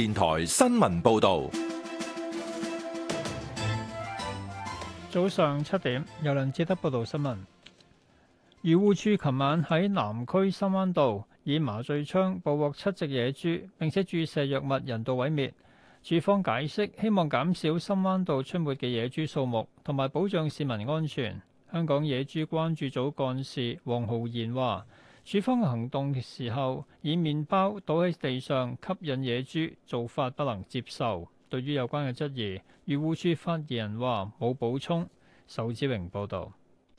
電台新聞報道，早上七點，由梁志德報道新聞。漁護署琴晚喺南區深灣道以麻醉槍捕獲七隻野豬，並且注射藥物人道毀滅。署方解釋，希望減少深灣道出沒嘅野豬數目，同埋保障市民安全。香港野豬關注組幹事黃浩然話。署方嘅行動嘅時候以麵包倒喺地上吸引野豬，做法不能接受。對於有關嘅質疑，漁護署發言人話冇補充。仇志榮報導，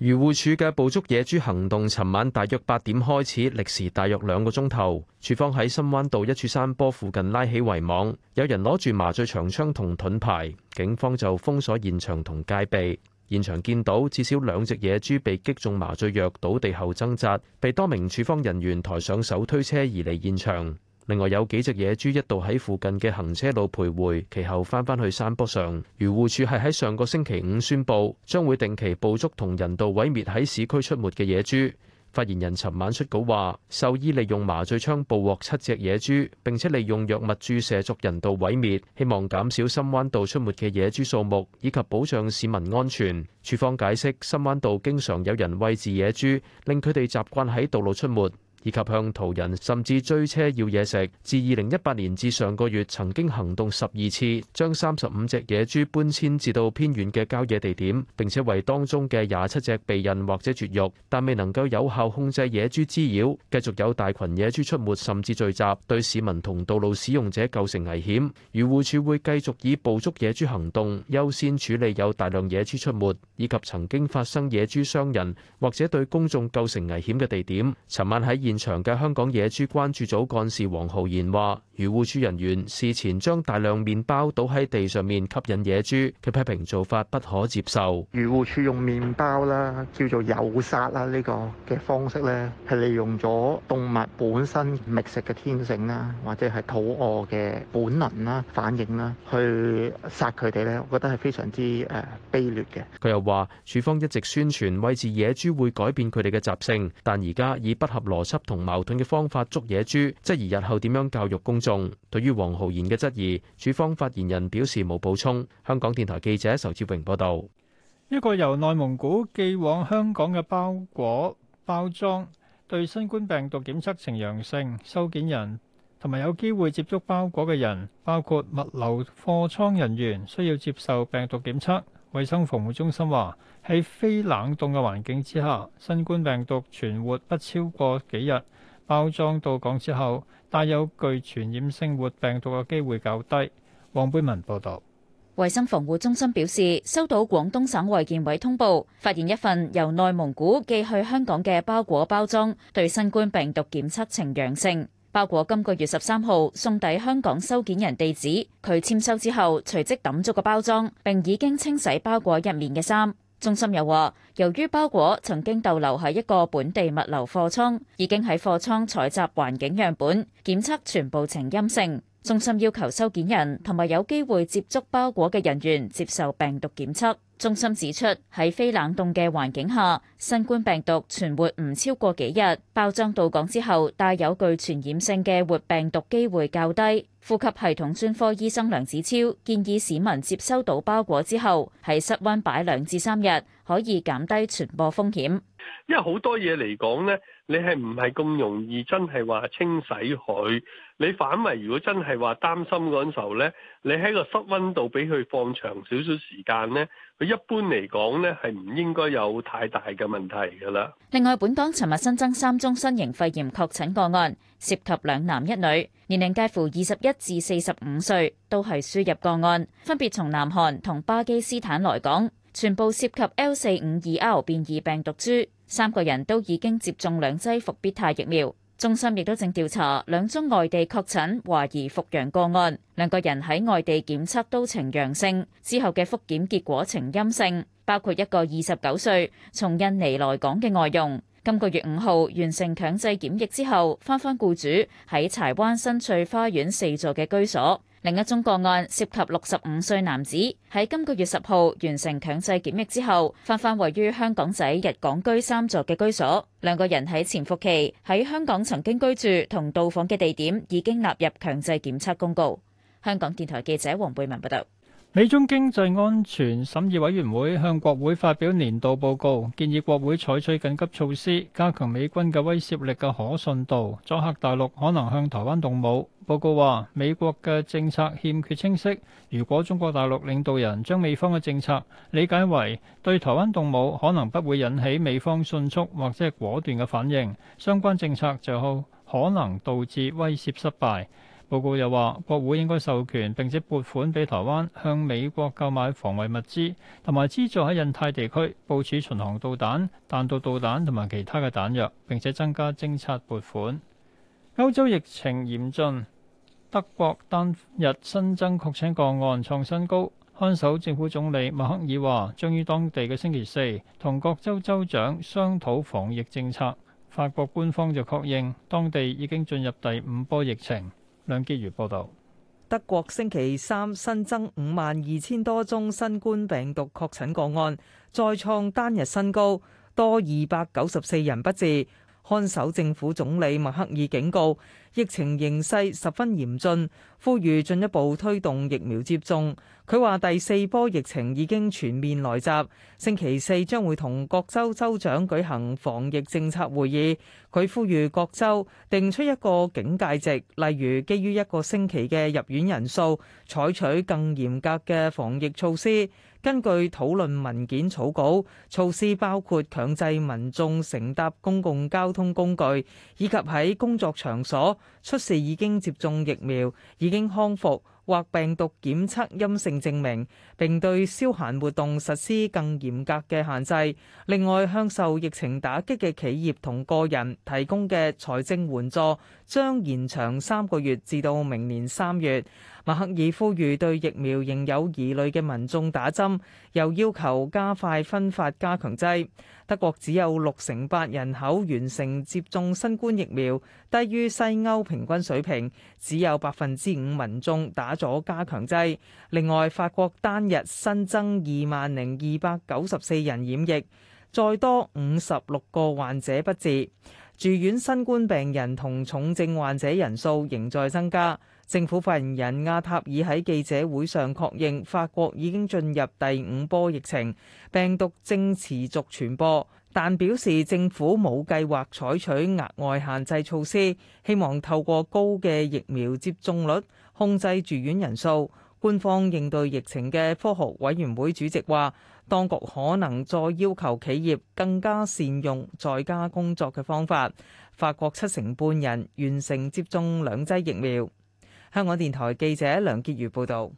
漁護署嘅捕捉野豬行動，尋晚大約八點開始，歷時大約兩個鐘頭。署方喺深灣道一處山坡附近拉起圍網，有人攞住麻醉長槍同盾牌，警方就封鎖現場同戒備。現場見到至少兩隻野豬被擊中麻醉藥倒地後掙扎，被多名處方人員抬上手推車移離現場。另外有幾隻野豬一度喺附近嘅行車路徘徊，其後翻返去山坡上。漁護署係喺上個星期五宣布，將會定期捕捉同人道毀滅喺市區出沒嘅野豬。發言人尋晚出稿話，獸醫利用麻醉槍捕獲七隻野豬，並且利用藥物注射作人道毀滅，希望減少深灣道出沒嘅野豬數目，以及保障市民安全。署方解釋，深灣道經常有人喂飼野豬，令佢哋習慣喺道路出沒。以及向途人甚至追車要嘢食。自二零一八年至上個月，曾經行動十二次，將三十五隻野豬搬遷至到偏遠嘅郊野地點，並且為當中嘅廿七隻避孕或者絕育。但未能夠有效控制野豬滋擾，繼續有大群野豬出沒甚至聚集，對市民同道路使用者構成危險。漁護署會繼續以捕捉野豬行動，優先處理有大量野豬出沒以及曾經發生野豬傷人或者對公眾構成危險嘅地點。尋晚喺現場嘅香港野豬關注組幹事黃浩然話，漁護署人員事前將大量麵包倒喺地上面吸引野豬，佢批評做法不可接受。漁護署用麵包啦，叫做誘殺啦，呢個嘅方式咧，係利用咗動物本身覓食嘅天性啦，或者係肚餓嘅本能啦、反應啦，去殺佢哋咧，我覺得係非常之誒卑劣嘅。佢又話，署方一直宣傳餵飼野豬會改變佢哋嘅習性，但而家以不合邏輯。同矛盾嘅方法捉野豬，質疑日後點樣教育公眾？對於黃浩然嘅質疑，署方發言人表示冇補充。香港電台記者仇志榮報道：一個由內蒙古寄往香港嘅包裹包裝，對新冠病毒檢測呈陽性，收件人同埋有機會接觸包裹嘅人，包括物流貨倉人員，需要接受病毒檢測。衛生防護中心話喺非冷凍嘅環境之下，新冠病毒存活不超過幾日。包裝到港之後，帶有具傳染性活病毒嘅機會較低。黃貝文報道。衛生防護中心表示，收到廣東省衛健委通報，發現一份由內蒙古寄去香港嘅包裹包裝，對新冠病毒檢測呈陽性。包裹今個月十三號送抵香港收件人地址，佢簽收之後隨即抌咗個包裝，並已經清洗包裹入面嘅衫。中心又話，由於包裹曾經逗留喺一個本地物流貨倉，已經喺貨倉採集環境樣本，檢測全部呈陰性。中心要求收件人同埋有機會接觸包裹嘅人員接受病毒檢測。中心指出，喺非冷凍嘅環境下，新冠病毒存活唔超過幾日。包裝到港之後，帶有具傳染性嘅活病毒機會較低。呼吸系統專科醫生梁子超建議市民接收到包裹之後，喺室溫擺兩至三日，可以減低傳播風險。因為好多嘢嚟講呢，你係唔係咁容易真係話清洗佢？你反為如果真係話擔心嗰陣時候呢，你喺個室溫度俾佢放長少少時間呢，佢一般嚟講呢係唔應該有太大嘅問題㗎啦。另外，本港尋日新增三宗新型肺炎確診個案，涉及兩男一女，年齡介乎二十一至四十五歲，都係輸入個案，分別從南韓同巴基斯坦來港，全部涉及 L 四五二 R 變異病毒株。三個人都已經接種兩劑復必泰疫苗，中心亦都正調查兩宗外地確診懷疑復陽個案，兩個人喺外地檢測都呈陽性，之後嘅復檢結果呈陰性，包括一個二十九歲從印尼來港嘅外傭，今個月五號完成強制檢疫之後，翻返雇主喺柴灣新翠花園四座嘅居所。另一宗個案涉及六十五歲男子，喺今個月十號完成強制檢疫之後，返返位於香港仔日港居三座嘅居所。兩個人喺潛伏期喺香港曾經居住同到訪嘅地點已經納入強制檢測公告。香港電台記者黃貝文報道。美中經濟安全審議委員會向國會發表年度報告，建議國會採取緊急措施，加強美軍嘅威懾力嘅可信度，阻嚇大陸可能向台灣動武。報告話，美國嘅政策欠缺清晰，如果中國大陸領導人將美方嘅政策理解為對台灣動武，可能不會引起美方迅速或者係果斷嘅反應，相關政策就可能導致威懾失敗。報告又話，國會應該授權並且撥款畀台灣向美國購買防衛物資，同埋資助喺印太地區部署巡航導彈、彈道導彈同埋其他嘅彈藥，並且增加偵察撥款。歐洲疫情嚴峻，德國單日新增確診個案創新高。看守政府總理默克爾話，將於當地嘅星期四同各州州長商討防疫政策。法國官方就確認當地已經進入第五波疫情。梁潔如報道：德國星期三新增五萬二千多宗新冠病毒確診個案，再創單日新高，多二百九十四人不治。看守政府總理默克爾警告疫情形勢十分嚴峻，呼籲進一步推動疫苗接種。佢話第四波疫情已經全面來襲，星期四將會同各州州長舉行防疫政策會議。佢呼籲各州定出一個警戒值，例如基於一個星期嘅入院人數，採取更嚴格嘅防疫措施。根據討論文件草稿，措施包括強制民眾乘搭公共交通工具，以及喺工作場所出示已經接種疫苗、已經康復或病毒檢測陰性證明，並對消閒活動實施更嚴格嘅限制。另外，向受疫情打擊嘅企業同個人提供嘅財政援助將延長三個月，至到明年三月。默克爾呼籲對疫苗仍有疑慮嘅民眾打針。又要求加快分發加強劑，德國只有六成八人口完成接種新冠疫苗，低於西歐平均水平。只有百分之五民眾打咗加強劑，另外，法國單日新增二萬零二百九十四人染疫，再多五十六個患者不治。住院新冠病人同重症患者人數仍在增加。政府發言人亞塔爾喺記者會上確認，法國已經進入第五波疫情，病毒正持續傳播，但表示政府冇計劃採取額外限制措施，希望透過高嘅疫苗接種率控制住院人數。官方應對疫情嘅科學委員會主席話，當局可能再要求企業更加善用在家工作嘅方法。法國七成半人完成接種兩劑疫苗。香港電台記者梁潔如報道：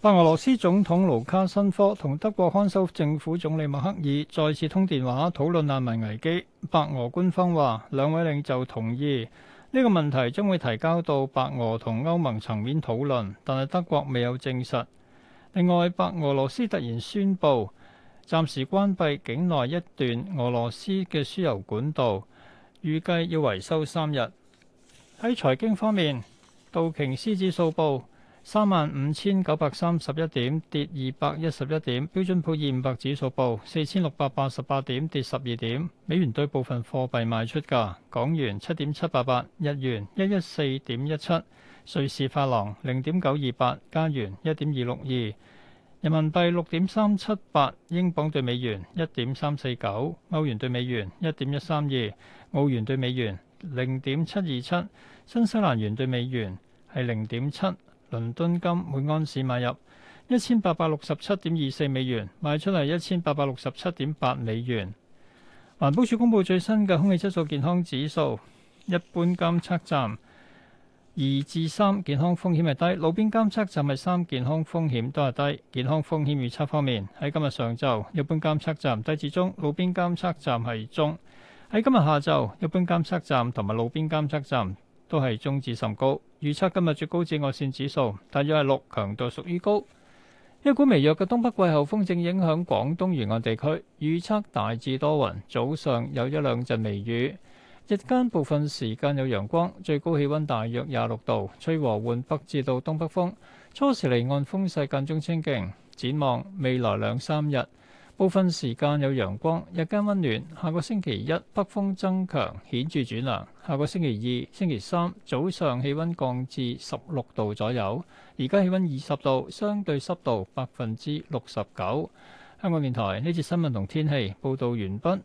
白俄羅斯總統盧卡申科同德國看守政府總理默克爾再次通電話討論難民危機。白俄官方話，兩位領袖同意呢、這個問題將會提交到白俄同歐盟層面討論，但係德國未有證實。另外，白俄羅斯突然宣布暫時關閉境內一段俄羅斯嘅輸油管道，預計要維修三日。喺財經方面。道瓊斯指數報三萬五千九百三十一點，跌二百一十一點。標準普爾五百指數報四千六百八十八點，跌十二點。美元對部分貨幣賣出價：港元七點七八八，日元一一四點一七，瑞士法郎零點九二八，加元一點二六二，人民幣六點三七八，英鎊對美元一點三四九，歐元對美元一點一三二，澳元對美元零點七二七，新西蘭元對美元係零點七，倫敦金每盎司買入一千八百六十七點二四美元，賣出嚟一千八百六十七點八美元。環保署公布最新嘅空氣質素健康指數，一般監測站二至三，3，健康風險係低；路邊監測站係三，健康風險都係低。健康風險預測方面，喺今日上晝，一般監測站低至中，路邊監測站係中；喺今日下晝，一般監測站同埋路邊監測站。都係中至甚高，預測今日最高紫外線指數大約係六，強度屬於高。一股微弱嘅東北季候風正影響廣東沿岸地區，預測大致多雲，早上有一兩陣微雨，日間部分時間有陽光，最高氣温大約廿六度，吹和緩北至到東北風，初時離岸風勢間中清勁。展望未來兩三日。部分時間有陽光，日間温暖。下個星期一北風增強，顯著轉涼。下個星期二、星期三早上氣温降至十六度左右。而家氣温二十度，相對濕度百分之六十九。香港電台呢次新聞同天氣報導完畢。